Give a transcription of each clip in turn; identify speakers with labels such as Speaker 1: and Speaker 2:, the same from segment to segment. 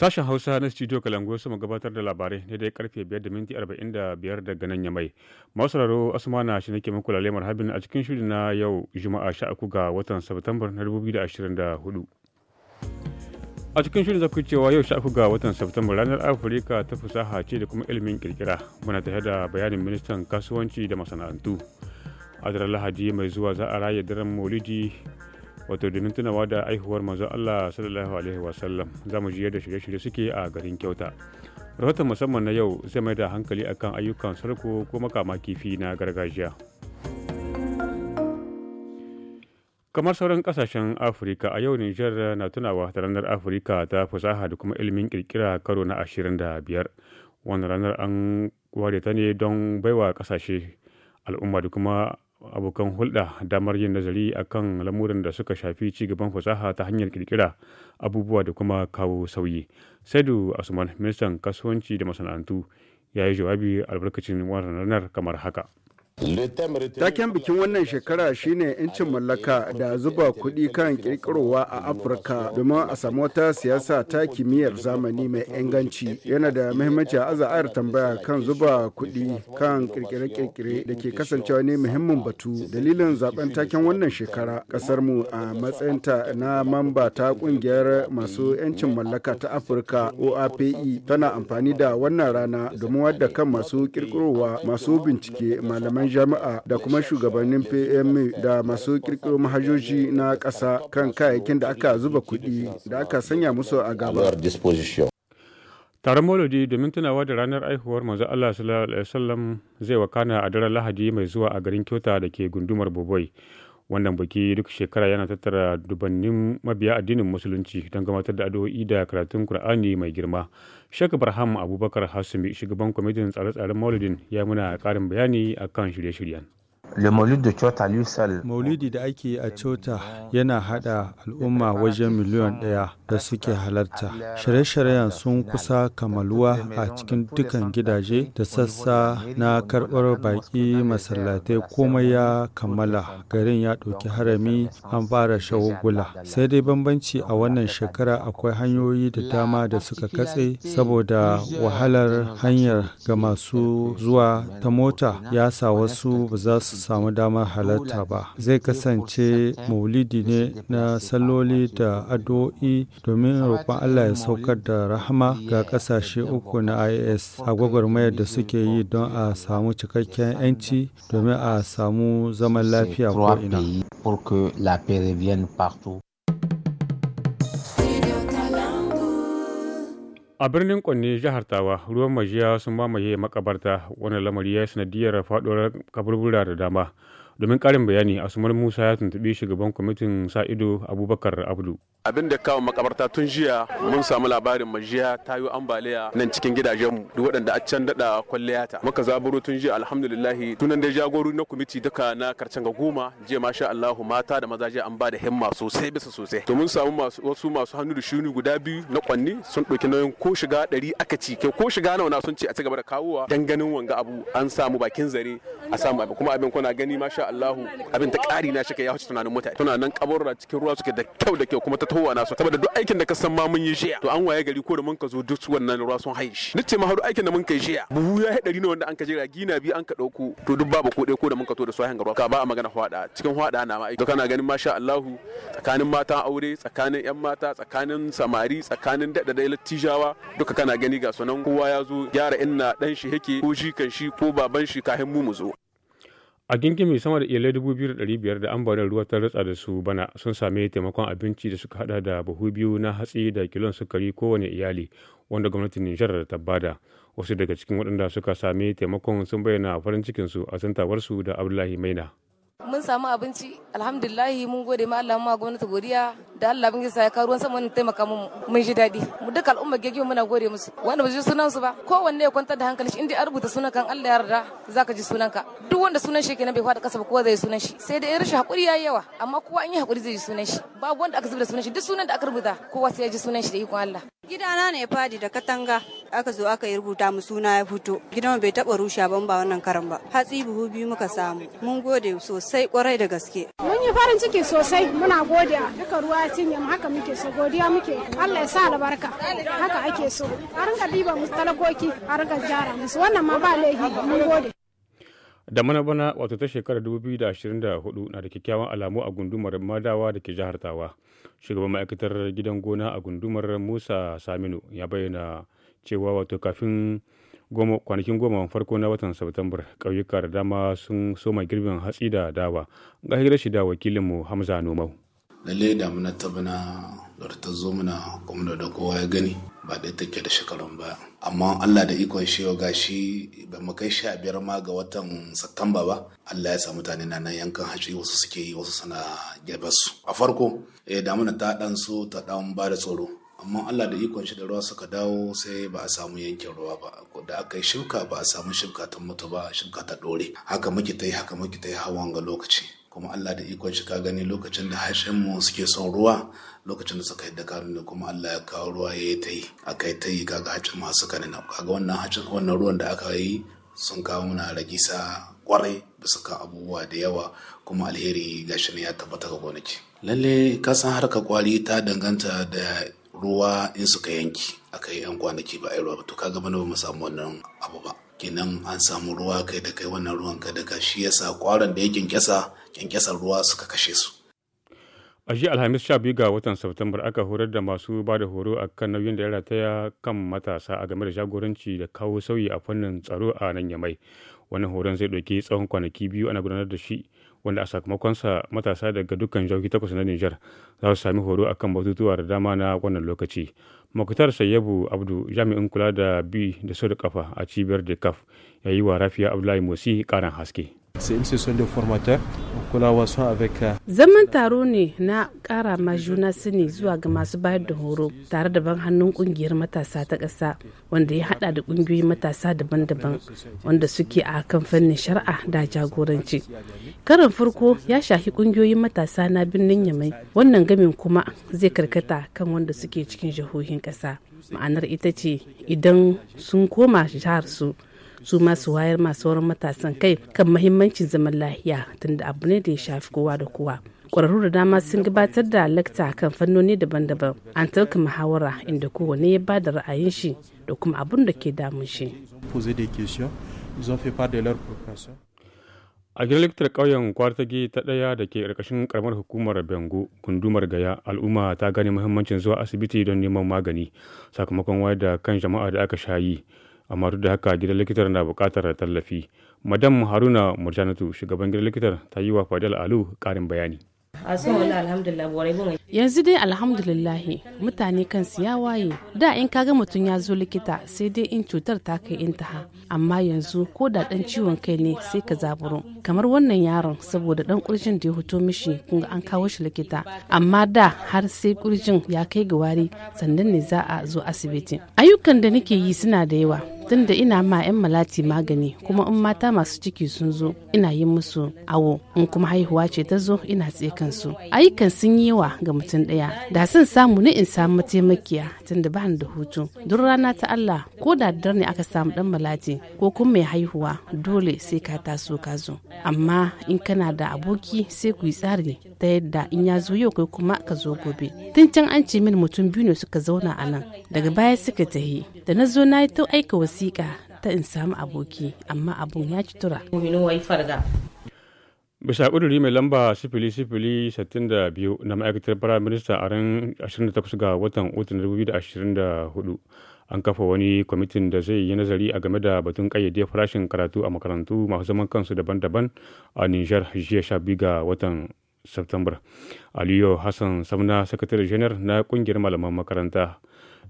Speaker 1: Sashen Hausa na Studio Kalango sun gabatar da labarai dai karfe 5 da minti 45 daga nan ya yamai. Masararo Asmana shi nake muku lalle marhabin a cikin shirin na yau Juma'a 13 ga watan Satumbar na 2024. A cikin shirin zaku cewa yau 13 ga watan Satumbar ranar Afirka ta fusaha ce da kuma ilimin kirkira. Muna tare da bayanin ministan kasuwanci da masana'antu. A daren Lahadi mai zuwa za a raya daren Maulidi wato domin tunawa da aihuwar manzo Allah sallallahu alaihi wa sallam za mu ji yadda shirye-shirye suke a garin kyauta rahoton musamman na yau zai mai da hankali akan ayyukan sarko ko makama kifi na gargajiya kamar sauran kasashen afirka a yau niger na tunawa da ranar afirka ta fasaha da kuma ilimin kirkira karo na ashirin da biyar wannan ranar an ware ta ne don baiwa kasashe al'umma da kuma abokan hulɗa damar yin nazari a kan lamuran da suka shafi ci gaban fasaha ta hanyar ƙirƙira abubuwa da kuma kawo sauyi saidu asuman ministan kasuwanci da masana'antu ya yi jawabi albarkacin ranar kamar haka
Speaker 2: Taken bikin wannan shekara shine 'yancin mallaka da zuba kuɗi kan ƙirƙirowa a Afirka domin a samu wata siyasa ta kimiyyar zamani mai inganci. Yana da muhimmanci a aza'ar tambaya kan zuba kuɗi kan ƙirƙire-ƙirƙire da ke kasancewa ne muhimmin batu. Dalilin zaben taken wannan shekara ƙasar mu a matsayinta na mamba ta ƙungiyar masu 'yancin mallaka ta Afirka OAPE tana amfani da wannan rana domin wadda kan masu ƙirƙirowa masu bincike malaman jami'a da kuma shugabannin PMA da masu kirkiro mahajoji na ƙasa kan kayayyakin da aka zuba kuɗi da aka sanya musu a gaba.
Speaker 1: Taron Maulidi domin tunawa da ranar aihuwar manzo Allah sallallahu alaihi wasallam zai wakana a daren Lahadi mai zuwa a garin Kyota da ke gundumar Boboi. Wannan biki duk shekara yana tattara dubannin mabiya addinin Musulunci don gabatar da addu'o'i da karatun Kur'ani mai girma. shak-barham Abubakar Hasumi, shugaban kwamitin tsare-tsaren Maulidin, ya muna karin bayani akan shirye-shiryen. Maulidi da ake yi a Cota yana hada
Speaker 3: al'umma wajen miliyan ɗaya da suke halarta. Shirye-shiryen sun kusa kamaluwa a cikin dukkan gidaje da sassa na karɓar baƙi masallatai komai ya kammala. Garin ya ɗauki harami an fara shagugula. Sai dai bambanci a wannan shekara akwai hanyoyi da dama da suka katse saboda wahalar hanyar ga masu zuwa ta mota ya sa wasu ba za su samu damar halarta ba zai kasance maulidi ne na saloli da addu'o'i domin roƙon allah ya saukar da rahama ga ƙasashe uku na is a gwagwarmayar da suke yi don a samu cikakken 'yanci domin a samu zaman lafiya ko
Speaker 4: ina.
Speaker 1: A birnin Kwanne jihar Tawa ruwan majiya sun mamaye makabarta wani lamari ya yi sanadiyar faɗuwar kaburbura da dama. domin karin bayani asumar musa ya tuntubi shugaban kwamitin sa ido abubakar abdu
Speaker 5: abin da kawo makabarta tun jiya mun samu labarin majiya ta yi ambaliya nan cikin gidajen duk waɗanda a can daɗa kwalliya ta muka zaburo tun jiya alhamdulillahi tunan da jagorori na kwamiti duka na karcen ga goma jiya masha Allah mata da maza jiya an ba da himma sosai bisa sosai to mun samu wasu masu hannu da shuni guda biyu na kwanni sun ɗauki nauyin ko shiga ɗari aka ci ko shiga nauna sun ce a ci gaba da kawowa dan ganin wanga abu an samu bakin zare a samu abin kuma abin kuna gani masha Allahu abin ta ƙari na shike ya huce tunanin mutane nan kaburra cikin ruwa suke da kyau da kyau kuma ta na nasu saboda duk aikin da ka san ma mun yi shiya to an waye gari ko da mun ka zo duk wannan ruwa sun haye shi nace ma har aikin da mun kai shiya buhu ya haɗari ne wanda an ka jira gina biyu an ka ɗauko to duk babu ko ɗaya ko da mun ka to da su hanga ruwa ka ba a magana faɗa cikin faɗa na ma aiki kana ganin masha Allahu tsakanin mata aure tsakanin yan mata tsakanin samari tsakanin daɗa da lattijawa duka kana gani ga sunan kowa ya zo gyara inna ɗan shi yake ko shi kan shi ko baban shi kahin mu mu zo
Speaker 1: a mai sama da iyalai 2,500 da ambaliyar ruwa ta ratsa da su bana sun sami taimakon abinci da suka hada da buhu biyu na hatsi da kilon sukari kowane iyali wanda gwamnatin nijar ta bada wasu daga cikin waɗanda suka sami taimakon sun bayyana farin cikinsu a zantawarsu da abdullahi maina
Speaker 6: mun samu abinci alhamdulillahi mun gode ma Allah ma gwamnati godiya da Allah bin gisa ya karuwan sama mun taimaka mu mun ji daɗi mu duka al'umma gege muna gode musu wanda ba ji sunan su ba kowanne ya kwantar da hankali shi dai an rubuta sunan kan Allah ya yarda zaka ji sunan ka duk wanda sunan shi kenan bai fada kasa ba kowa zai sunan shi sai dai rashin hakuri yayi yawa amma kowa in yi hakuri zai ji sunan shi babu wanda aka da sunan shi duk sunan da aka rubuta kowa sai ya ji sunan shi da ikon Allah gidana ne fadi da katanga aka zo aka yi rubuta mu suna ya fito gidan bai taba rushe ban ba wannan karan ba hatsi buhu biyu muka samu mun gode sosai kwarai da gaske mun yi farin ciki sosai muna gode duka ruwa cinye mu haka muke so godiya muke Allah ya sa albarka haka ake so a rinka diba mu talakoki a rinka jara musu wannan ma ba laifi mun gode
Speaker 1: da mana bana wato ta shekarar 2024 na da kyakkyawan alamu a gundumar madawa da ke jihar tawa shugaban ma'aikatar gidan gona a gundumar musa saminu ya bayyana cewa wato kafin kwanakin goma farko na watan Satumbar ƙauyuka da dama sun soma girbin hatsi da dawa. Ga hira shi da wakilinmu Hamza Nomau.
Speaker 4: Lalle damuna ta tabbana da ta zo mana kuma da kowa ya gani ba ɗaya take da shekarun ba amma Allah da ikon shi ga shi, ba mu kai sha biyar ma ga watan Satumba ba Allah ya sa mutane na nan yankan hatsi wasu suke yi wasu suna girbar su a farko eh damuna ta ɗan so ta ɗan ba da tsoro amma allah da ikon shi da ruwa suka dawo sai ba a samu yankin ruwa ba da aka yi shibka ba a samu shibka ta mutu ba shibka ta dore haka muke ta yi haka muke ta yi hawan ga lokaci kuma allah da ikon shi ka gani lokacin da harshen mu suke son ruwa lokacin da suka yadda da ne kuma Allah ya kawo ruwa ya yi ta yi aka yi ta yi kaga hacin masu suka ne kaga wannan wannan ruwan da aka yi sun kawo muna ragisa kwarai bisa kan abubuwa da yawa kuma alheri gashi ne ya tabbata ga gonaki lalle ka san harka kwari ta danganta da ruwa in suka yanki aka yi 'yan kwanaki ba a yi ruwa ba to gama nawa ba mu samu wannan abu ba kenan an samu ruwa kai da kai wannan ruwan ka daga shi yasa kwaron da ya kyankyasa kyankyasar ruwa suka kashe su
Speaker 1: a jiya alhamis sha biyu ga watan september aka horar da masu ba da horo a kan nauyin da ya rataya kan matasa a game da jagoranci da kawo sauyi a fannin tsaro a nan yamai wannan horon zai ɗauki tsawon kwanaki biyu ana gudanar da shi wanda a sakamakonsa matasa daga dukkan jihohi takwas na Nijar za su sami horo a kan batutuwa da dama na wannan lokaci. Makutar Sayyabu Abdu jami'in kula da bi da sau da kafa a cibiyar da ya yi wa Rafiya Abdullahi Musi karan haske. Euh,
Speaker 6: Zaman taro ne na ƙara ma juna sani zuwa ga masu bayar da horo tare da ban hannun ƙungiyar matasa ta ƙasa wanda ya hada da ƙungiyoyin matasa daban-daban wanda suke a kan fannin shari'a da jagoranci. karan farko ya shahi ƙungiyoyin matasa na birnin Yamai wannan gamin kuma zai karkata kan wanda suke cikin jihohin ƙasa. Ma'anar ita ce idan sun koma jihar su su masu wayar masu sauran matasan kai kan mahimmancin zaman lahiya tunda abu ne da ya shafi kowa da kowa kwararru da dama sun gabatar da lakta kan fannoni daban-daban an tauka muhawara inda kowane ya ba da ra'ayin shi da kuma abun da ke damun shi
Speaker 1: a gidan likitar ƙauyen kwartagi ta ɗaya da ke karkashin ƙaramar hukumar bengu gundumar gaya al'umma ta gane muhimmancin zuwa asibiti don neman magani sakamakon wayar da kan jama'a da aka shayi amma duk da haka gidan likitar na buƙatar tallafi madam haruna murtanatu shugaban gidan likitar ta yi wa fadil alu karin bayani
Speaker 6: yanzu dai alhamdulillah mutane su ya waye da in ka ga mutum ya zo likita sai dai in cutar ta kai in taha amma yanzu ko da dan ciwon kai ne sai ka zaburo kamar wannan yaron saboda dan kurjin da ya hoto mishi kunga an kawo shi likita amma da har sai kurjin ya kai ga wari sannan ne za a zo asibiti ayyukan da nake yi suna da yawa tunda ina ma 'yan malati magani kuma in mata masu ciki sun zo ina yi musu awo in kuma haihuwa ce ta zo ina tsekan su ayyukan sun yi wa ga mutum ɗaya da sun samu ni in samu mataimakiya tunda ba da hutu duk rana ta Allah ko da dar ne aka samu dan malati ko kuma mai haihuwa dole sai ka taso ka zo amma in kana da aboki sai ku yi tsari ta yadda in ya zo yau kai kuma ka zo gobe tun can an ce min mutum biyu ne suka zauna a nan daga baya suka tahi da na zo na yi ta aika wasu wasiƙa ta in samu aboki amma abun ya ci tura.
Speaker 1: bisa ƙuduri mai lamba sifili sifili 62 na ma'aikatar firayim minista a ran 28 ga watan otun 2024 an kafa wani kwamitin da zai yi nazari a game da batun ƙayyade farashin karatu a makarantu masu zaman kansu daban-daban a nijar jiya 12 ga watan september aliyu hassan samna sakatare janar na ƙungiyar malaman makaranta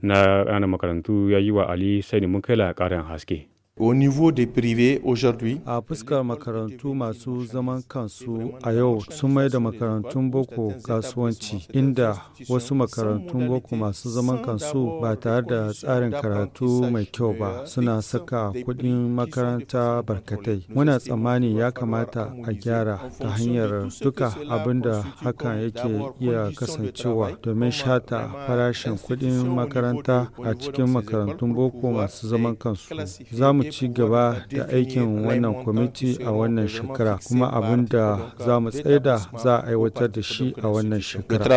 Speaker 1: na ranar makarantu ya yi wa Ali Sani la ƙarin haske. au niveau des privés aujourd'hui. A fuskar makarantu
Speaker 3: masu zaman kansu a yau sun mai da makarantun boko kasuwanci inda wasu makarantun boko masu zaman kansu ba tare da tsarin karatu mai kyau ba suna saka kudin makaranta barkatai. Muna tsammani ya kamata a gyara ta hanyar duka abinda da hakan yake iya kasancewa domin shata farashin kudin makaranta a cikin makarantun boko masu zaman kansu. Za mu ci gaba da aikin wannan kwamiti a wannan shekara kuma abin da za mu tsaida za a aiwatar da shi a wannan shekara.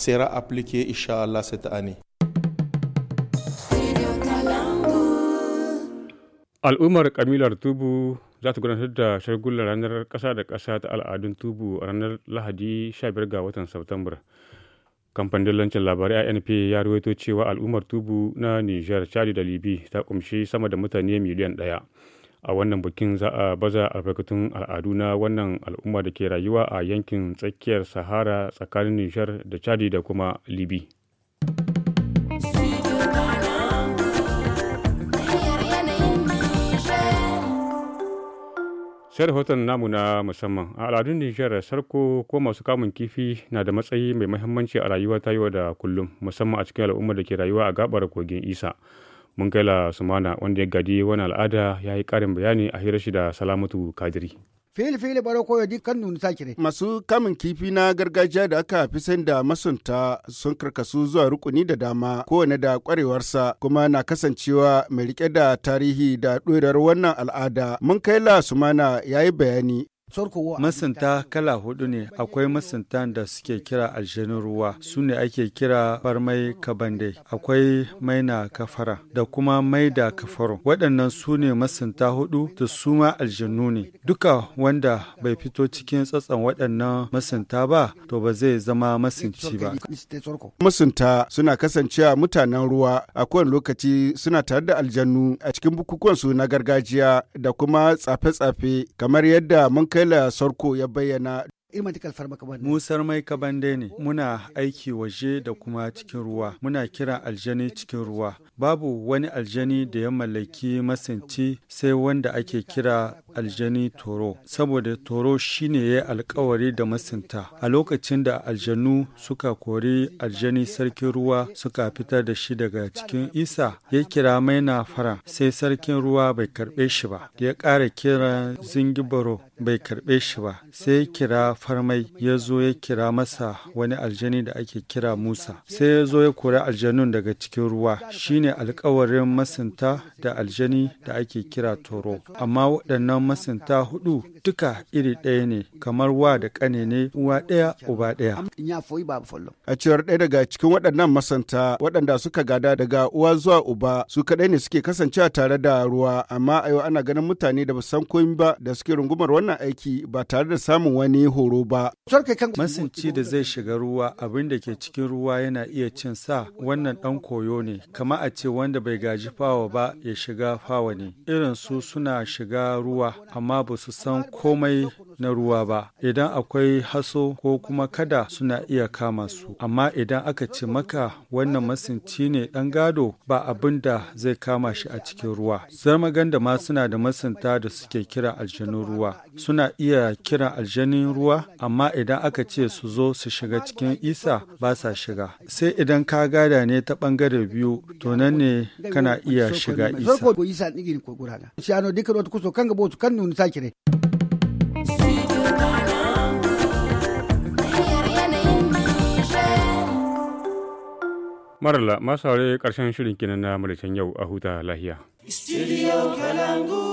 Speaker 1: Al'ummar Kamilar Tubu za ta gudanar da shagular ranar ƙasa da ƙasa ta al'adun Tubu a ranar Lahadi 15 ga watan Satumbar. kamfanin lancin labarai anp ya ruwaito cewa al'ummar tubu na niger chad da libi ta kumshi sama da mutane miliyan ɗaya a wannan bikin za a baza albarkatun al'adu na wannan al'umma da ke rayuwa a yankin tsakiyar sahara tsakanin niger da chad da kuma libi sai rahoton namu na musamman a al'adun nijar sarko ko masu kamun kifi na da matsayi mai mahimmanci a rayuwa ta yau da kullum musamman a cikin al'ummar da ke rayuwa a gabar kogin isa mun kai la sumana wanda ya gadi wani al'ada ya yi karin bayani a hirar shi da salamatu kadiri
Speaker 2: fili fili baro koyo di kan nuni sakire masu kamun kifi na gargajiya da aka fi san da masunta sun karkasu zuwa rukuni da dama kowane da kwarewarsa kuma na kasancewa mai rike da tarihi da ɗorar wannan al'ada mun kai la sumana yayi bayani
Speaker 3: masinta kala hudu ne akwai masuntan da suke kira aljanin ruwa su ne ake kira farmai kabande akwai maina kafara da kuma maida kafaro waɗannan su ne masunta hudu da su ma aljanu ne duka wanda bai fito cikin tsatsan waɗannan masinta ba to ba zai zama masinci ba.
Speaker 2: masinta suna kasancewa mutanen ruwa a kowane lokaci suna tare da aljannu a cikin bukukuwansu na gargajiya da kuma tsafe-tsafe kamar yadda mun kai Bella Sarko ya bayyana
Speaker 3: musar mai kabande ne muna aiki waje da kuma cikin ruwa muna kira aljani cikin ruwa babu wani aljani da ya mallaki masanci sai wanda ake kira aljani toro saboda toro shine ya alkawari da masinta a lokacin da aljanu suka kori aljani sarkin ruwa suka fitar da shi daga cikin isa ya kira maina na fara sai sarkin ruwa bai karbe shi ba ya ƙara kira zingibaro bai karbe shi ba sai kira farmai ya zo ya kira masa wani aljani da ake kira Musa. Sai ya zo ya kori aljanun daga cikin ruwa shine alkawarin masinta da aljani da ake kira toro. Amma waɗannan masinta hudu duka iri ɗaya ne kamar wa da ƙane ne uwa ɗaya uba ɗaya. A cewar ɗaya daga
Speaker 2: cikin waɗannan masanta waɗanda suka gada daga uwa zuwa uba su kaɗai ne suke kasancewa tare da ruwa amma a yau ana ganin mutane da ba san komi ba da suke rungumar wannan aiki ba tare da samun wani horo ba.
Speaker 3: Masanci da zai shiga ruwa abin da ke cikin ruwa yana iya cin sa wannan ɗan koyo ne kama a ce wanda bai gaji fawa ba ya shiga fawa ne irin su suna shiga ruwa amma ba su san komai na ruwa ba idan akwai haso ko kuma kada suna iya kama su amma idan aka ce maka wannan masinci ne dan gado ba abin da zai kama shi a cikin ruwa ganda ma suna da masinta da suke kira aljanu ruwa suna iya kira aljanin ruwa amma idan aka ce su zo su shiga cikin isa ba sa shiga sai idan ka gada ne ta bangare biyu to nan ne kana iya shiga isa
Speaker 1: Marala, masu aure karshen shirin kinan na Mauritian yau a huta lahiya.
Speaker 6: Studio Kalangu.